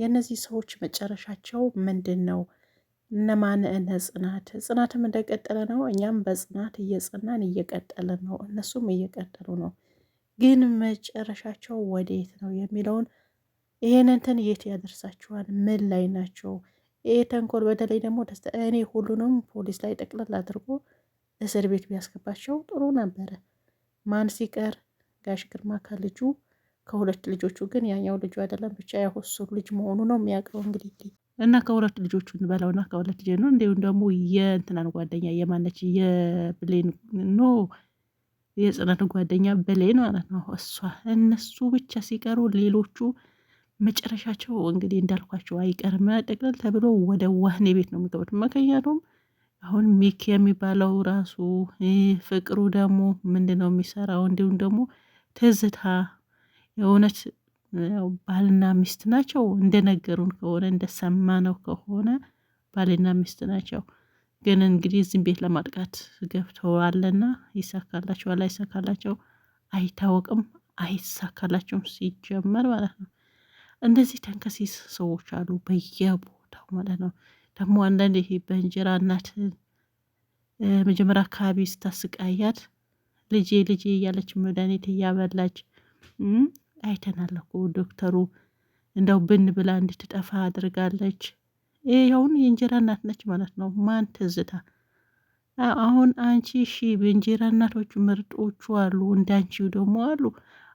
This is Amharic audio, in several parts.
የእነዚህ ሰዎች መጨረሻቸው ምንድን ነው? እነማን እነ ጽናት ጽናትም እንደቀጠለ ነው። እኛም በጽናት እየጸናን እየቀጠለ ነው። እነሱም እየቀጠሉ ነው። ግን መጨረሻቸው ወዴት ነው የሚለውን ይሄን እንትን የት ያደርሳችኋል? ምን ላይ ናቸው? ይሄ ተንኮል በተለይ ደግሞ ደስታ እኔ ሁሉንም ፖሊስ ላይ ጠቅለል አድርጎ እስር ቤት ቢያስገባቸው ጥሩ ነበረ። ማን ሲቀር ጋሽ ግርማ ከልጁ ከሁለት ልጆቹ ግን ያኛው ልጁ አይደለም ብቻ ያሆሱ ልጅ መሆኑ ነው የሚያውቀው እንግዲህ እና ከሁለት ልጆቹ እንበለውና ከሁለት ልጅ ነው እንዲሁም ደግሞ የእንትናን ጓደኛ የማነች የብሌን ኖ የጽናት ጓደኛ ብሌን ማለት ነው እሷ እነሱ ብቻ ሲቀሩ ሌሎቹ መጨረሻቸው እንግዲህ እንዳልኳቸው አይቀርም ጠቅለል ተብሎ ወደ ወህኒ ቤት ነው የሚገቡት። ምክንያቱም አሁን ሚክ የሚባለው ራሱ ፍቅሩ ደግሞ ምንድን ነው የሚሰራው እንዲሁም ደግሞ ትዝታ የእውነት ባልና ሚስት ናቸው እንደነገሩን ከሆነ እንደሰማነው ከሆነ ባልና ሚስት ናቸው። ግን እንግዲህ እዚህም ቤት ለማጥቃት ገብተዋልና ይሳካላቸዋል አይሳካላቸው አይታወቅም አይሳካላቸውም ሲጀመር ማለት ነው። እንደዚህ ተንከሲስ ሰዎች አሉ በየቦታው ማለት ነው። ደግሞ አንዳንድ ይሄ በእንጀራ እናት መጀመሪያ አካባቢ ስታስቃያት ልጄ ልጄ እያለች መድኃኒት እያበላች አይተናል እኮ ዶክተሩ እንደው ብን ብላ እንድትጠፋ አድርጋለች። ይኸውን የእንጀራ እናት ነች ማለት ነው። ማን ትዝታ አሁን አንቺ ሺ በእንጀራ እናቶቹ ምርጦቹ አሉ፣ እንዳንቺው ደግሞ አሉ።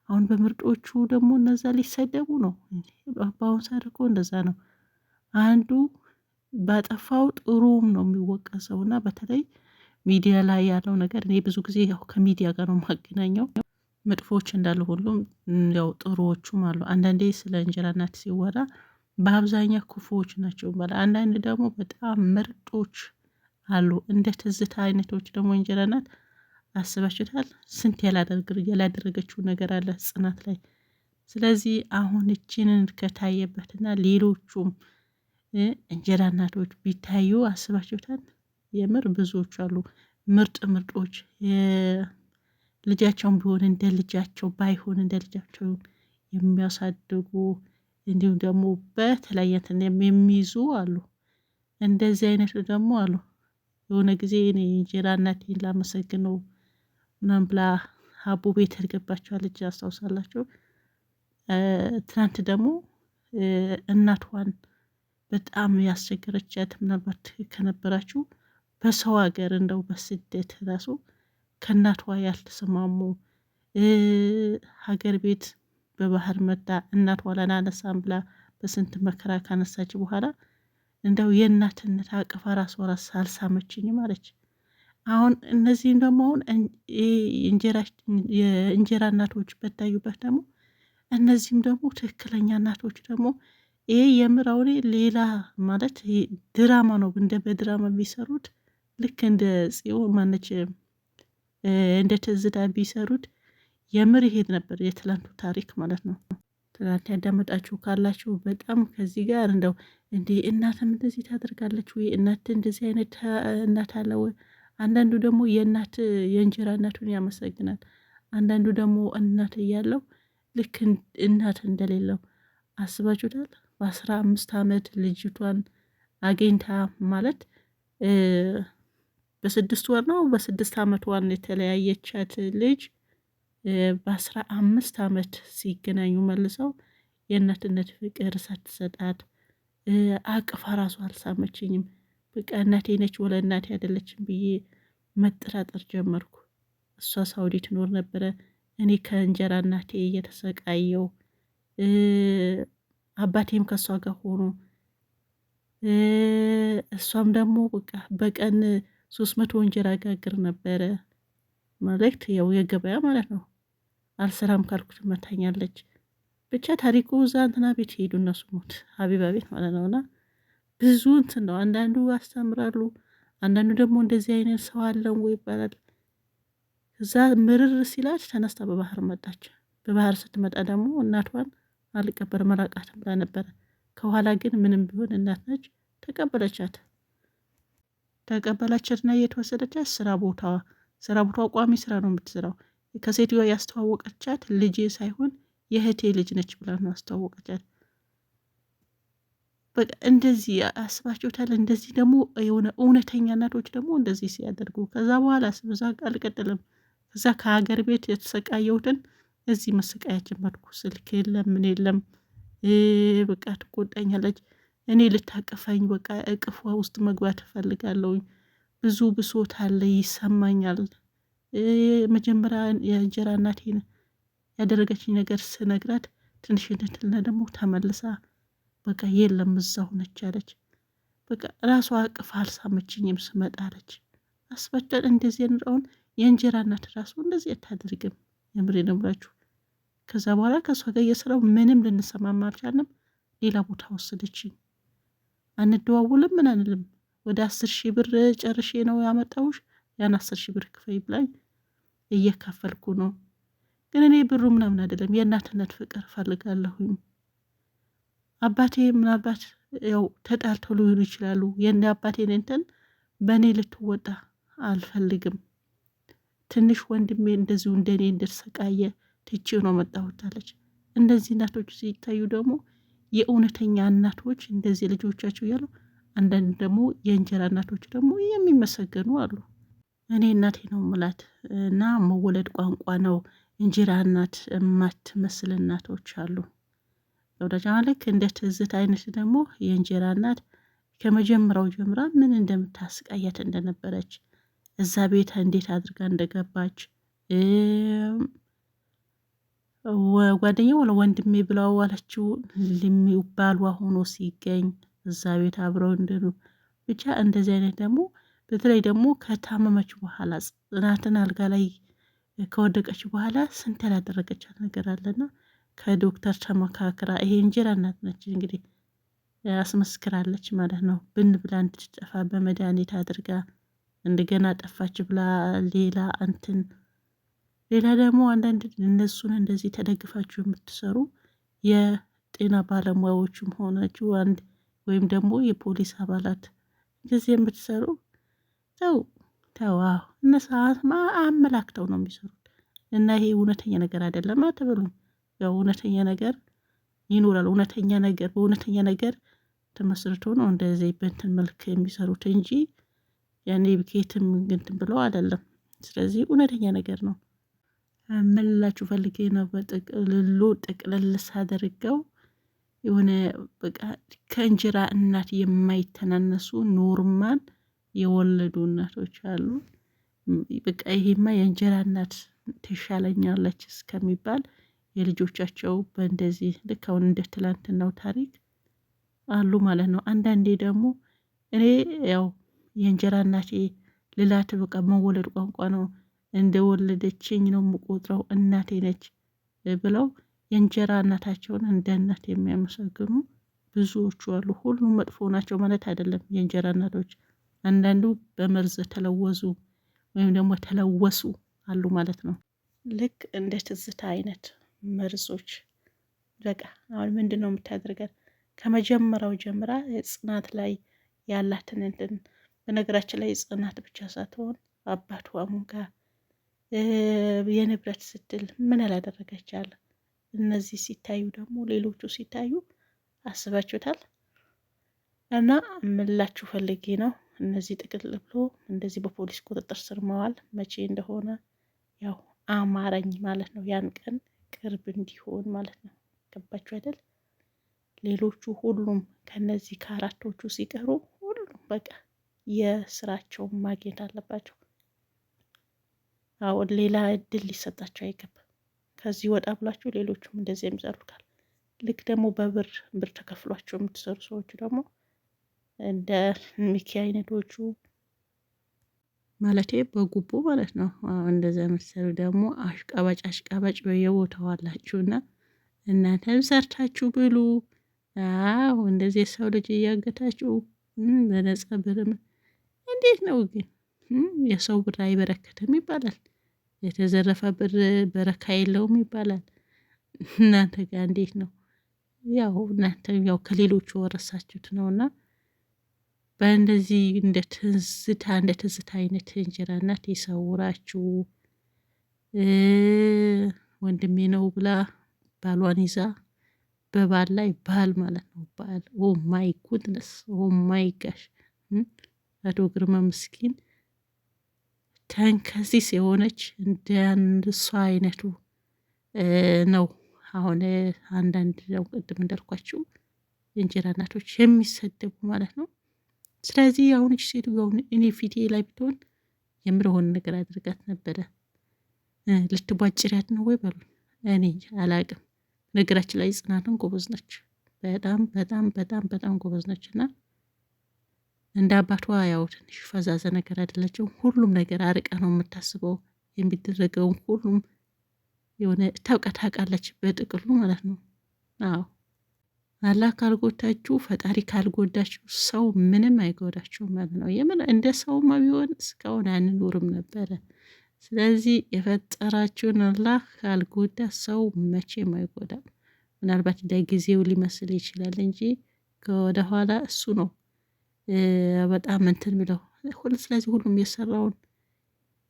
አሁን በምርጦቹ ደግሞ እነዛ ሊሰደቡ ነው። በአሁን ሰዓት እኮ እንደዛ ነው። አንዱ ባጠፋው ጥሩም ነው የሚወቀሰው እና በተለይ ሚዲያ ላይ ያለው ነገር እኔ ብዙ ጊዜ ያው ከሚዲያ ጋር ነው የማገናኘው። መጥፎዎች እንዳሉ ሁሉም ያው ጥሩዎቹም አሉ። አንዳንዴ ስለ እንጀራ እናት ሲወራ በአብዛኛው ክፉዎች ናቸው ይባላል። አንዳንድ ደግሞ በጣም ምርጦች አሉ። እንደ ትዝታ አይነቶች ደግሞ እንጀራ እናት አስባችሁታል? ስንት ያላደረገችው ነገር አለ ጽናት ላይ። ስለዚህ አሁን እችንን ከታየበትና ሌሎቹም እንጀራ እናቶች ቢታዩ አስባችሁታል? የምር ብዙዎች አሉ ምርጥ ምርጦች ልጃቸውን ቢሆን እንደ ልጃቸው ባይሆን እንደ ልጃቸው የሚያሳድጉ እንዲሁም ደግሞ በተለያየ የሚይዙ አሉ። እንደዚህ አይነቱ ደግሞ አሉ የሆነ ጊዜ እኔ እንጀራ እናቴን ላመሰግነው ምናምን ብላ ሀቡ ቤት ያልገባቸው ልጅ አስታውሳላችሁ። ትናንት ደግሞ እናቷን በጣም ያስቸገረቻት ምናልባት ከነበራችሁ በሰው ሀገር እንደው በስደት ራሱ ከእናቷ ያልተሰማሙ ሀገር ቤት በባህር መጣ እናቷ ላናነሳም ብላ በስንት መከራ ካነሳች በኋላ እንደው የእናትነት አቅፋ ራሷ ራስ አልሳመችኝም አለች። አሁን እነዚህም ደግሞ አሁን የእንጀራ እናቶች በታዩበት ደግሞ እነዚህም ደግሞ ትክክለኛ እናቶች ደግሞ ይሄ የምራውኔ ሌላ ማለት ድራማ ነው እንደ በድራማ የሚሰሩት ልክ እንደ ጽዮ ማነች እንደ ትዝታ ቢሰሩት የምር ይሄድ ነበር የትላንቱ ታሪክ ማለት ነው። ትላንት ያዳመጣችሁ ካላችሁ በጣም ከዚህ ጋር እንደው እንዲ እናትም እንደዚህ ታደርጋለች ወይ እናት እንደዚህ አይነት እናት አለ አንዳንዱ ደግሞ የእናት የእንጀራ እናቱን ያመሰግናል። አንዳንዱ ደግሞ እናት እያለው ልክ እናት እንደሌለው አስባችሁታል። በአስራ አምስት አመት ልጅቷን አገኝታ ማለት በስድስት ወር ነው በስድስት አመት ዋን የተለያየቻት ልጅ በአስራ አምስት አመት ሲገናኙ መልሰው የእናትነት ፍቅር ሳትሰጣት አቅፋ ራሱ አልሳመችኝም፣ በቃ እናቴ ነች ወለ እናቴ አይደለችም ብዬ መጠራጠር ጀመርኩ። እሷ ሳውዲ ትኖር ነበረ፣ እኔ ከእንጀራ እናቴ እየተሰቃየው አባቴም ከእሷ ጋር ሆኖ እሷም ደግሞ በቃ በቀን ሶስት መቶ እንጀራ ጋግር ነበረ መልእክት ያው የገበያ ማለት ነው። አልሰራም ካልኩ ትመታኛለች። ብቻ ታሪኩ እዛ እንትና ቤት ሄዱ እነሱ ሞት ሀቢባ ቤት ማለት ነው። እና ብዙ እንትን ነው። አንዳንዱ አስተምራሉ አንዳንዱ ደግሞ እንደዚህ አይነት ሰው አለን ወይ ይባላል። እዛ ምርር ሲላች ተነስታ በባህር መጣች። በባህር ስትመጣ ደግሞ እናቷን አልቀበር መላቃት ብላ ነበረ። ከኋላ ግን ምንም ቢሆን እናት ነች፣ ተቀበለቻት። ተቀበላቸትና የተወሰደች ስራ ቦታዋ ስራ ቦታዋ ቋሚ ስራ ነው የምትሰራው። ከሴትዮዋ ያስተዋወቀቻት ልጄ ሳይሆን የእህቴ ልጅ ነች ብላ ነው ያስተዋወቀቻት። በቃ እንደዚህ አስባችሁታል። እንደዚህ ደግሞ የሆነ እውነተኛ እናቶች ደግሞ እንደዚህ ሲያደርጉ ከዛ በኋላ ስብዛ አልቀጥልም። ከዛ ከሀገር ቤት የተሰቃየሁትን እዚህ መሰቃያ ጀመርኩ። ስልክ የለም ምን የለም፣ በቃ ትቆጣኛለች። እኔ ልታቅፈኝ በቃ እቅፏ ውስጥ መግባት እፈልጋለሁኝ። ብዙ ብሶት አለ ይሰማኛል። መጀመሪያ የእንጀራ እናቴን ያደረገችኝ ነገር ስነግራት ትንሽ እንድትልና ደግሞ ተመልሳ በቃ የለም እዛው ነች አለች። በቃ ራሷ አቅፋ አልሳመችኝም ስመጣ አለች። አስበደል እንደዚህ ንረውን የእንጀራ እናት ራሱ እንደዚህ አታደርግም። የምሬ ነው ከዛ በኋላ ከእሷ ጋር የስራው ምንም ልንሰማማ አልቻልንም። ሌላ ቦታ ወሰደችኝ። አንደዋውልም ምን አንልም። ወደ አስር ሺህ ብር ጨርሼ ነው ያመጣውሽ ያን አስር ሺህ ብር ክፈይ ብላኝ እየከፈልኩ ነው። ግን እኔ ብሩ ምናምን አይደለም፣ የእናትነት ፍቅር ፈልጋለሁኝ። አባቴ ምናልባት ያው ተጣልተው ሊሆኑ ይችላሉ። የእኔ አባቴ እንትን በእኔ ልትወጣ አልፈልግም። ትንሽ ወንድሜ እንደዚሁ እንደኔ እንደተሰቃየ ትቼ ነው መጣሁታለች። እነዚህ እናቶች ሲታዩ ደግሞ የእውነተኛ እናቶች እንደዚህ ልጆቻቸው እያሉ አንዳንድ ደግሞ የእንጀራ እናቶች ደግሞ የሚመሰገኑ አሉ። እኔ እናቴ ነው ምላት እና መወለድ ቋንቋ ነው። እንጀራ እናት የማትመስል እናቶች አሉ። ወዳጃ ልክ እንደ ትዝት አይነት ደግሞ የእንጀራ እናት ከመጀመሪያው ጀምራ ምን እንደምታስቃያት እንደነበረች እዛ ቤት እንዴት አድርጋ እንደገባች ጓደኛው ወንድሜ ብለው አዋለችው ባሏ ሆኖ ሲገኝ እዛ ቤት አብረው እንደኑ ብቻ እንደዚህ አይነት ደግሞ በተለይ ደግሞ ከታመመች በኋላ ጽናትን አልጋ ላይ ከወደቀች በኋላ ስንት ያላደረገቻት ነገር አለና ከዶክተር ተመካክራ ይሄ እንጀራ እናት ነች እንግዲህ አስመስክራለች ማለት ነው። ብን ብላ እንድትጠፋ በመድኃኒት አድርጋ እንደገና ጠፋች ብላ ሌላ እንትን ሌላ ደግሞ አንዳንድ እነሱን እንደዚህ ተደግፋችሁ የምትሰሩ የጤና ባለሙያዎችም ሆናችሁ አንድ ወይም ደግሞ የፖሊስ አባላት እንደዚህ የምትሰሩ ተው ተው። እነሱ አመላክተው ነው የሚሰሩት እና ይሄ እውነተኛ ነገር አይደለም አትበሉም። ያው እውነተኛ ነገር ይኖራል። እውነተኛ ነገር በእውነተኛ ነገር ተመስርቶ ነው እንደዚህ በእንትን መልክ የሚሰሩት እንጂ ያኔ ብኬትም ግንትን ብለው አይደለም። ስለዚህ እውነተኛ ነገር ነው። ምን ልላችሁ ፈልጌ ነው፣ በጥቅልሉ ጥቅልል ሳደርገው የሆነ በቃ ከእንጀራ እናት የማይተናነሱ ኖርማል የወለዱ እናቶች አሉ። በቃ ይሄማ የእንጀራ እናት ትሻለኛለች እስከሚባል የልጆቻቸው በእንደዚህ ልክ አሁን እንደ ትላንትናው ታሪክ አሉ ማለት ነው። አንዳንዴ ደግሞ እኔ ያው የእንጀራ እናቴ ልላት በቃ መወለድ ቋንቋ ነው እንደወለደችኝ ነው የምቆጥረው እናቴ ነች ብለው የእንጀራ እናታቸውን እንደ እናት የሚያመሰግኑ ብዙዎቹ አሉ። ሁሉም መጥፎ ናቸው ማለት አይደለም። የእንጀራ እናቶች አንዳንዱ በመርዝ ተለወዙ ወይም ደግሞ ተለወሱ አሉ ማለት ነው። ልክ እንደ ትዝታ አይነት መርዞች በቃ አሁን ምንድን ነው የምታደርገን? ከመጀመሪያው ጀምራ ጽናት ላይ ያላትን እንትን በነገራችን ላይ ጽናት ብቻ ሳትሆን አባቷም ጋር የንብረት ስትል ምን ያላደረገች አለ። እነዚህ ሲታዩ ደግሞ ሌሎቹ ሲታዩ አስባችሁታል። እና ምላችሁ ፈልጌ ነው እነዚህ ጥቅል ብሎ እንደዚህ በፖሊስ ቁጥጥር ስር መዋል መቼ እንደሆነ ያው አማረኝ ማለት ነው። ያን ቀን ቅርብ እንዲሆን ማለት ነው። ገባችሁ አይደል? ሌሎቹ ሁሉም ከነዚህ ከአራቶቹ ሲቀሩ ሁሉም በቃ የስራቸውን ማግኘት አለባቸው። አሁን ሌላ እድል ሊሰጣቸው አይገባም። ከዚህ ወጣ ብላችሁ ሌሎቹም እንደዚህ የሚሰሩታል። ልክ ደግሞ በብር ብር ተከፍሏቸው የምትሰሩ ሰዎች ደግሞ እንደ ሚኪ አይነቶቹ ማለት በጉቦ ማለት ነው። እንደዚያ የምትሰሩ ደግሞ አሽቃባጭ አሽቃባጭ በየቦታው አላችሁና እናንተም ሰርታችሁ ብሉ። አዎ እንደዚህ ሰው ልጅ እያገታችሁ በነጻ ብርም እንዴት ነው ግን? የሰው ብር አይበረከትም ይባላል። የተዘረፈ ብር በረካ የለውም ይባላል። እናንተ ጋር እንዴት ነው? ያው እናንተ ያው ከሌሎቹ ወረሳችሁት ነው እና በእንደዚህ እንደ ትዝታ እንደ ትዝታ አይነት እንጀራ እናት የሰውራችሁ። ወንድሜ ነው ብላ ባሏን ይዛ በባል ላይ ባል ማለት ነው ባል። ኦ ማይ ጉድነስ ኦ ማይ ጋሽ አቶ ግርማ ምስኪን ተንከሲስ የሆነች እንደ እሷ አይነቱ ነው። አሁን አንዳንድ ነው ቅድም እንዳልኳቸው እንጀራ እናቶች የሚሰደቡ ማለት ነው። ስለዚህ አሁንች ሴቱ እኔ ፊቴ ላይ ብትሆን የምርሆን ነገር አድርጋት ነበረ። ልትቧጭሪያት ነው ወይ በሉ እኔ አላቅም። ነገራችን ላይ ጽናትን ጎበዝ ነች። በጣም በጣም በጣም በጣም ጎበዝ ነች እና እንደ አባቷ ያው ትንሽ ፈዛዘ ነገር አይደለችም። ሁሉም ነገር አርቃ ነው የምታስበው። የሚደረገውን ሁሉም የሆነ ታውቃታውቃለች በጥቅሉ ማለት ነው። አዎ አላህ ካልጎዳችሁ፣ ፈጣሪ ካልጎዳችሁ ሰው ምንም አይጎዳችሁ ማለት ነው። የምን እንደ ሰውማ ቢሆን እስካሁን አንኖርም ነበረ። ስለዚህ የፈጠራችሁን አላህ ካልጎዳ ሰው መቼም አይጎዳም። ምናልባት ለጊዜው ሊመስል ይችላል እንጂ ከወደኋላ እሱ ነው በጣም እንትን ብለው ስለዚህ ሁሉም የሰራውን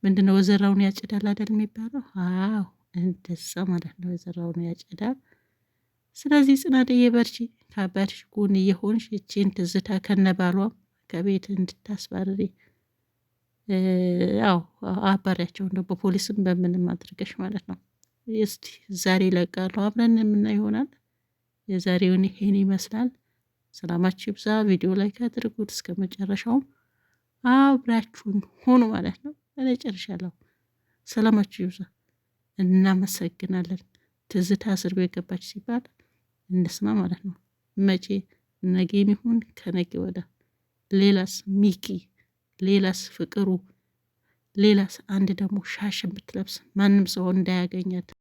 ምንድነው ወዘራውን ያጭዳል አይደል የሚባለው? አዎ እንደዛ ማለት ነው። ወዘራውን ያጭዳል። ስለዚህ ጽናትዬ በርቺ፣ ከአባትሽ ጎን እየሆንሽ ይቺን ትዝታ ከነባሏም ከቤት እንድታስባርሪ አዎ አባሪያቸው እንደው በፖሊስም በምንም አድርገሽ ማለት ነው። እስቲ ዛሬ ይለቃሉ አብረን የምና ይሆናል። የዛሬውን ይሄን ይመስላል። ሰላማችሁ ይብዛ። ቪዲዮ ላይ ካድርጉት እስከ መጨረሻውም አብራችሁን ሆኑ ማለት ነው። እጨርሻለሁ። ሰላማችሁ ይብዛ። እናመሰግናለን። ትዝታ እስር ቤት ገባች ሲባል እንስማ ማለት ነው። መቼ ነገ የሚሆን ከነገ ወደ ሌላስ ሚኪ፣ ሌላስ ፍቅሩ፣ ሌላስ አንድ ደግሞ ሻሽ የምትለብስ ማንም ሰው እንዳያገኛት